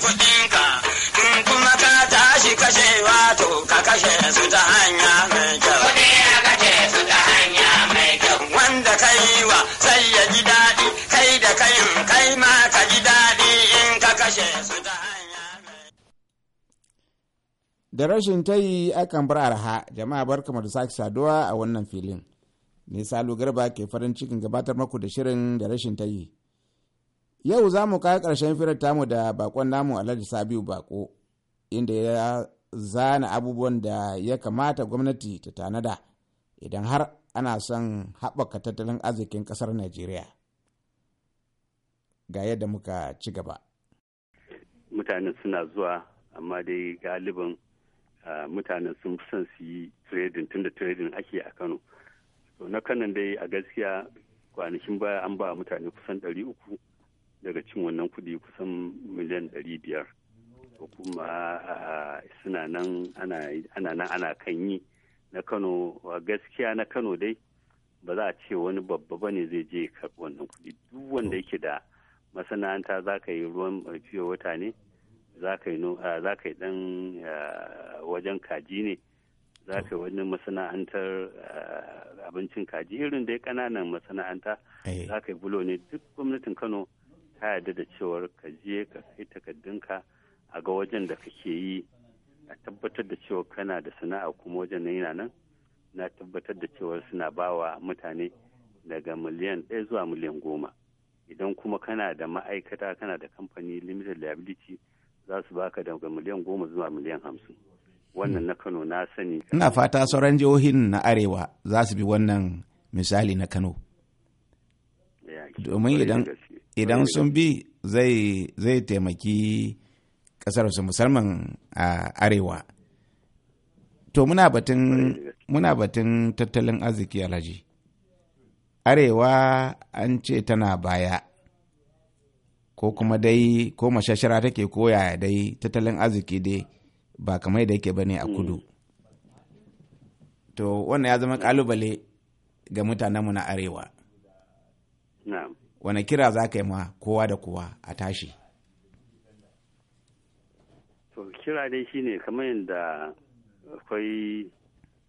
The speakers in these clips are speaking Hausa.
sami in kuma ka tashi kashe wato ka kashe su ta hanya mai kyau. su ta hanya mai kyau. Wanda ka yi wa sai ya ji daɗi kai da kayin kai ma ka ji daɗi in ka kashe su ta hanya mai Da rashin tayi akan bar arha jama'a barkamu da sake saduwa a wannan filin. Nisa Garba ke farin cikin gabatar maku da shirin da rashin tayi. yau za mu kawo ƙarshen firar tamu da bakon namu alhaji sabiu bako inda ya zana abubuwan da ya kamata gwamnati ta tanada idan har ana son haɓaka tattalin arzikin ƙasar najeriya ga yadda muka ci gaba mutane suna zuwa amma dai galibin mutanen sun fi son su yi trading tunda trading ake a kano na kanan dai a gaskiya kwanakin baya an ba mutane kusan ɗari biyar kuma ah, suna nan ana nan ana kan yi na kano gaskiya na kano dai ba za a ce wani babba ba ne zai je karɓi wannan kuɗi duk wanda yake da masana'anta za ka yi ruwan eh, fiye wata ne za ka yi ah, ɗan ah, wajen kaji ne za ka yi wani masana'antar abincin kaji irin dai ƙananan masana'anta eh. za ka yi bulo ne duk gwamnatin kano ka yarda da cewar ka je ka kai takardunka a ga wajen da kake yi a tabbatar da cewa kana da sana'a kuma wajen nan yana nan na tabbatar da cewa suna bawa mutane daga miliyan ɗaya zuwa miliyan goma idan kuma kana da ma'aikata kana da kamfani limited liability za su baka daga miliyan goma zuwa miliyan hamsin wannan na kano na sani ina fata sauran jihohin na arewa za su bi wannan misali na kano domin idan idan sun bi zai taimaki ƙasarsu musamman a arewa to muna batun muna batun tattalin arziki alhaji arewa an ce tana baya ko kuma dai ko mashashara take koya dai tattalin arziki dai ba kamar da yake ba ne a hmm. kudu to wannan ya zama kalubale ga mutanenmu na arewa wane kira za ka yi ma kowa da kowa a tashi to kira dai shi ne kamar yadda akwai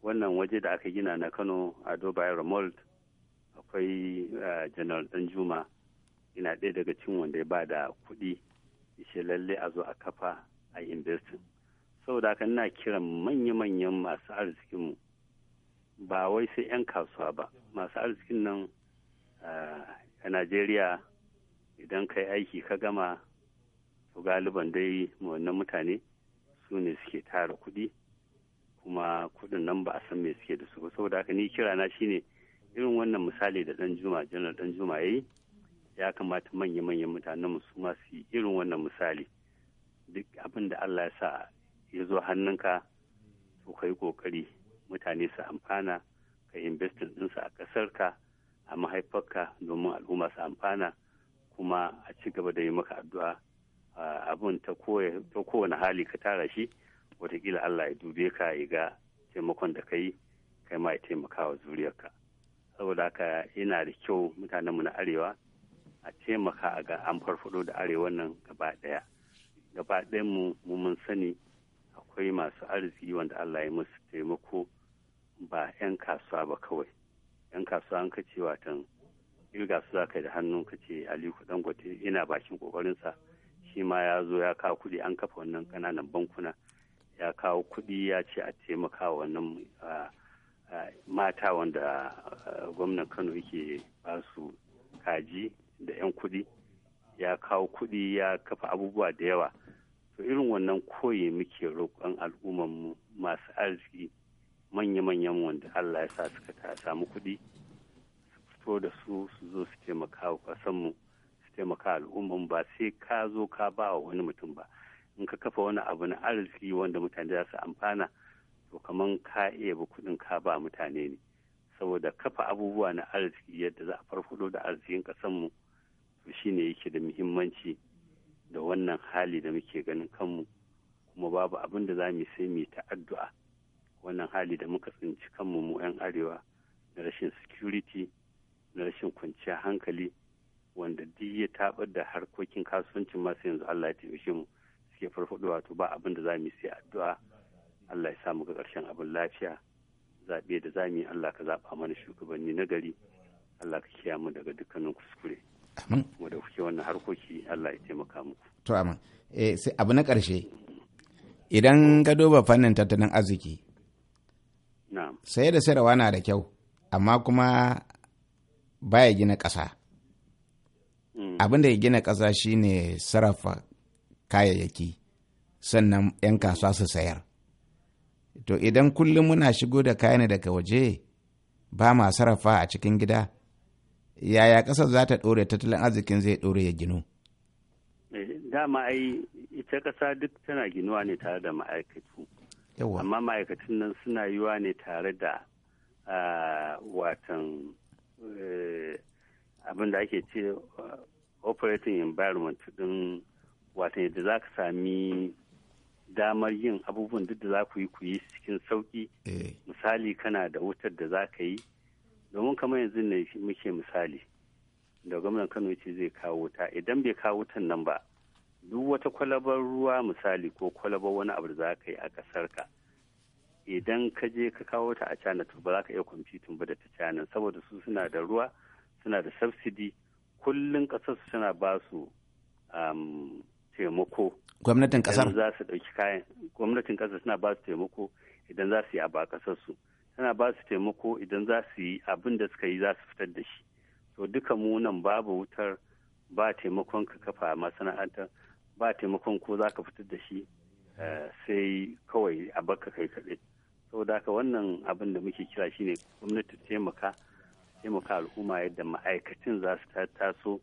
wannan waje da aka gina na kano a dubai remold akwai janar eh, danjuma ina ɗaya daga cikin wanda ya ba da kuɗi ishe lalle a zo a kafa a investin saboda haka ina kiran manya-manyan masu arzikinmu ba wai sai 'yan kasuwa ba masu arzikin nan najeriya idan ka aiki ka gama to galiban dai wannan mutane su ne suke tara kuɗi kuma kuɗin nan ba a san me suke da su ba saboda haka ni kira na shine irin wannan misali da dan juma janar dan juma yayi ya kamata manya-manyan mutanen su ma su yi irin wannan misali duk abin da Allah ya sa ya zo hannunka to ka yi kokari mutane su amfana ka investin ɗinsu a ka. a mahaifarka domin al'umma su amfana kuma a ci gaba da yi maka addu'a abin ta kowane hali ka tara shi wataƙila Allah ya dube ka ya ga taimakon da ka yi kai ma ya taimaka wa zuriyarka saboda haka yana da kyau mutanenmu na arewa a taimaka a ga an farfado da arewa nan gaba ɗaya gaba ɗayan mu mun sani akwai masu arziki wanda Allah ya musu taimako ba 'yan kasuwa ba kawai 'yan kasuwa an kace watan ga su za da hannu kace aliku aliko dangote yana bakin kokarinsa shi ma ya zo ya kawo kudi an kafa wannan kananan bankuna ya kawo kudi ya ce a taimaka wannan mata wanda gwamnan kano yake ba su kaji da 'yan kudi ya kawo kudi ya kafa abubuwa da yawa to irin wannan koyi muke roƙon mu masu arziki manya-manyan wanda Allah ya sa suka ta samu kuɗi su fito da su su zo su taimaka wa mu su taimaka al'umman ba sai ka zo ka ba wa wani mutum ba in ka kafa wani abu na arziki wanda mutane za su amfana to kamar ka iya ba kuɗin ka ba mutane ne saboda kafa abubuwa na arziki yadda za a farfado da arzikin kasanmu to shine yake da muhimmanci da wannan hali da muke ganin kanmu kuma babu abin da za mu sai mu ta addu'a wannan hali da muka tsinci kanmu mu 'yan arewa na rashin security na rashin kwanciyar hankali wanda duk ya tabar da harkokin kasuwancin masu yanzu Allah ya taimake mu suke farfaɗo wato ba abin da za mu sai addu'a Allah ya samu ga ƙarshen abin lafiya zaɓe da za mu yi Allah ka zaɓa mana shugabanni na gari Allah ka kiya mu daga dukkanin kuskure. Amin. Mu da kuke wannan harkoki Allah ya taimaka mu. To amin. Eh, abu na ƙarshe idan ka duba fannin tattalin arziki saya da sayarwa na da kyau amma kuma baya gina ƙasa mm. abinda ya gina ƙasa shine sarrafa kayayyaki sannan 'yan kasuwa su sayar to idan kullum muna shigo da kayan daga waje ba ma sarrafa a cikin gida yaya ƙasar za ta ɗore tattalin arzikin zai ɗore ya ginu eh, dama ai ita ƙasa duk tana ginuwa ne tare da ma'aikatu amma ma'aikatan nan suna yiwa ne tare da watan eh, abin da ake ce uh, operating environment din watan yadda za ka sami damar yin abubuwan duk da za ku yi ku yi cikin sauki eh. misali kana da wutar da za ka yi domin kamar yanzu ne muke misali da gwamnan kano ce zai kawo wuta idan bai kawo wutan nan ba duk wata kwalabar ruwa misali ko kwalabar wani abu da za ka yi a kasar ka idan ka je ka kawo ta a cana to ba za ka iya kwamfitin ba da ta cana saboda su suna da ruwa suna da subsidy kullum ƙasar su suna ba su um, taimako gwamnatin ƙasar za su ɗauki kayan gwamnatin ƙasar suna ba su taimako idan za su yi abu a ƙasar su suna ba su taimako idan za su yi abin da suka yi za su fitar da shi to duka mu nan babu wutar ba taimakon ka kafa masana'antar ba taimakon ko za ka fitar da shi eh, sai kawai a baka kai kaɗai saboda haka wannan abin da muke kira shine gwamnati taimaka taimaka al'umma yadda ma'aikacin za su taso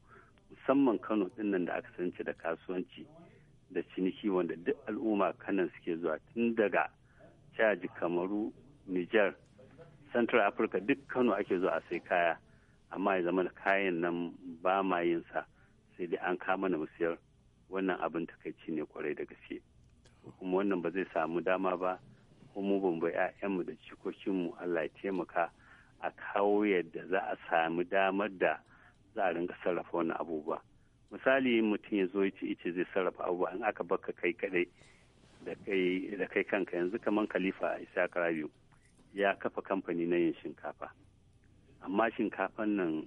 musamman kano nan da aka sanci da kasuwanci da ciniki wanda duk al'umma kanan suke zuwa tun daga caji kamaru niger central africa duk kano ake zuwa a sai kaya amma ya zama kayan nan ba ma yin sa sai dai an kama na musayar wannan abin takaici ne kwarai da gaske kuma wannan ba zai samu dama ba mu ban bai 'ya'yanmu da cikokinmu Allah ya taimaka a kawo yadda za a sami damar da za a rinka sarrafa wani abubuwa misali mutum ya zo ya ce zai sarrafa abubuwa in aka baka kai kadai da kai kanka yanzu kamar khalifa isa karabi ya kafa kamfani na yin shinkafa amma shinkafan nan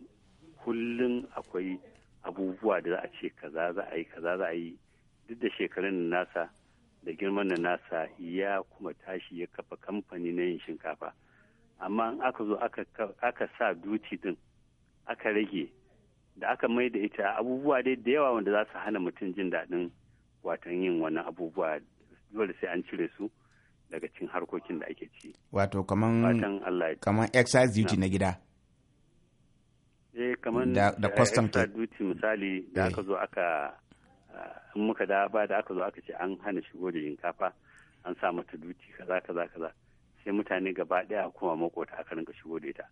kullum akwai abubuwa da za a ce kaza za a yi kaza za a yi duk da shekarun nasa da girman da nasa ya kuma tashi ya kafa kamfani na yin shinkafa amma aka zo aka sa duti din aka rage da aka mai da ita abubuwa dai da yawa wanda za su hana mutum jin daɗin watan yin wannan abubuwa dole sai an cire su daga cin harkokin da ake ci wato kaman kaman excise duty na gida kamar da eh, custom ta duty misali da eh. aka zo aka eh, in muka da ba da aka zo aka ce an hana shigo da shinkafa an sa mata duty kaza kaza kaza sai mutane gaba daya kuma makota aka rinka shigo da ita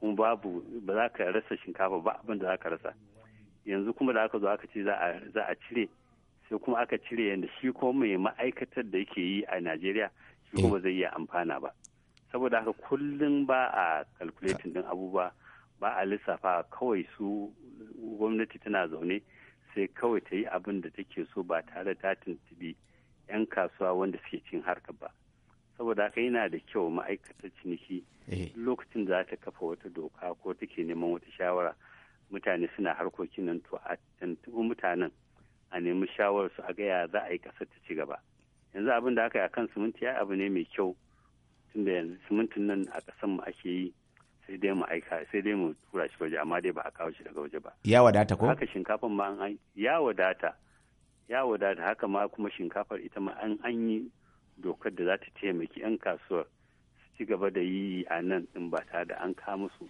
kuma babu ba za ka rasa shinkafa ba abin za ka rasa yanzu kuma da aka zo aka ce za a cire sai kuma aka cire yadda shi ko mai ma'aikatar da yake yi a najeriya shi kuma zai iya amfana ba saboda haka kullum ba a calculating din abubuwa ba a lissafa kawai su gwamnati tana zaune sai kawai ta yi abin da take so ba tare ta tuntubi 'yan kasuwa wanda suke cin harka ba saboda haka yana da kyau ma'aikatar ciniki eh. lokacin za ta kafa wata doka ko take neman wata shawara mutane suna harkokin nan to a tuntubi mutanen a nemi shawararsu a gaya za a yi ƙasar ta ci gaba yanzu abin da aka yi a kan siminti ya abu ne mai kyau tunda yanzu simintin nan a ƙasar mu ake yi sai dai mu aika sai dai mu tura shi waje amma dai ba a kawo shi daga waje ba ya wadata ko haka shinkafan ma an ya wadata ya wadata haka ma kuma shinkafar ita ma an an yi dokar da za ta taimaki yan kasuwar su ci gaba da yi a nan din ba tare da an ka musu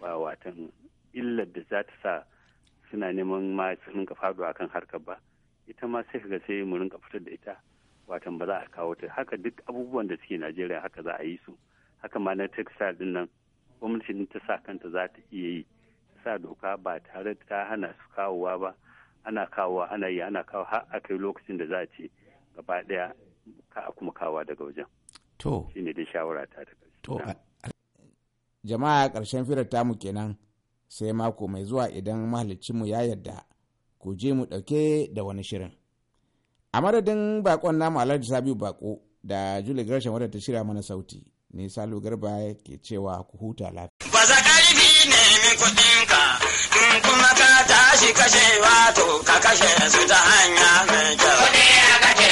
ba watan illar da za ta sa suna neman ma su rinka a kan harkar ba ita ma sai ka sai mu rinka fitar da ita watan ba za a kawo ta haka duk abubuwan da suke najeriya haka za a yi su haka ma na textile din nan gwamnatin ta sa kanta za ta iya yi sa doka ba tare ta hana su kawowa ba ana kawowa ana yi ana kawo har a kai lokacin da za a ce gaba daya ka kuma kawowa daga wajen to shine dai shawara ta daga to jama'a karshen firar tamu kenan sai mako mai zuwa idan mahalicinmu ya yarda ku je mu ɗauke da wani shirin a madadin bakon namu alhaji sabiu bako da julie gresham wadda ta shirya mana sauti ne salo garba ke cewa ku huta lafiya. ba za ƙarfi kuɗin ka in kuma ka tashi kashewa to ka kashe su ta hanya mai kyau.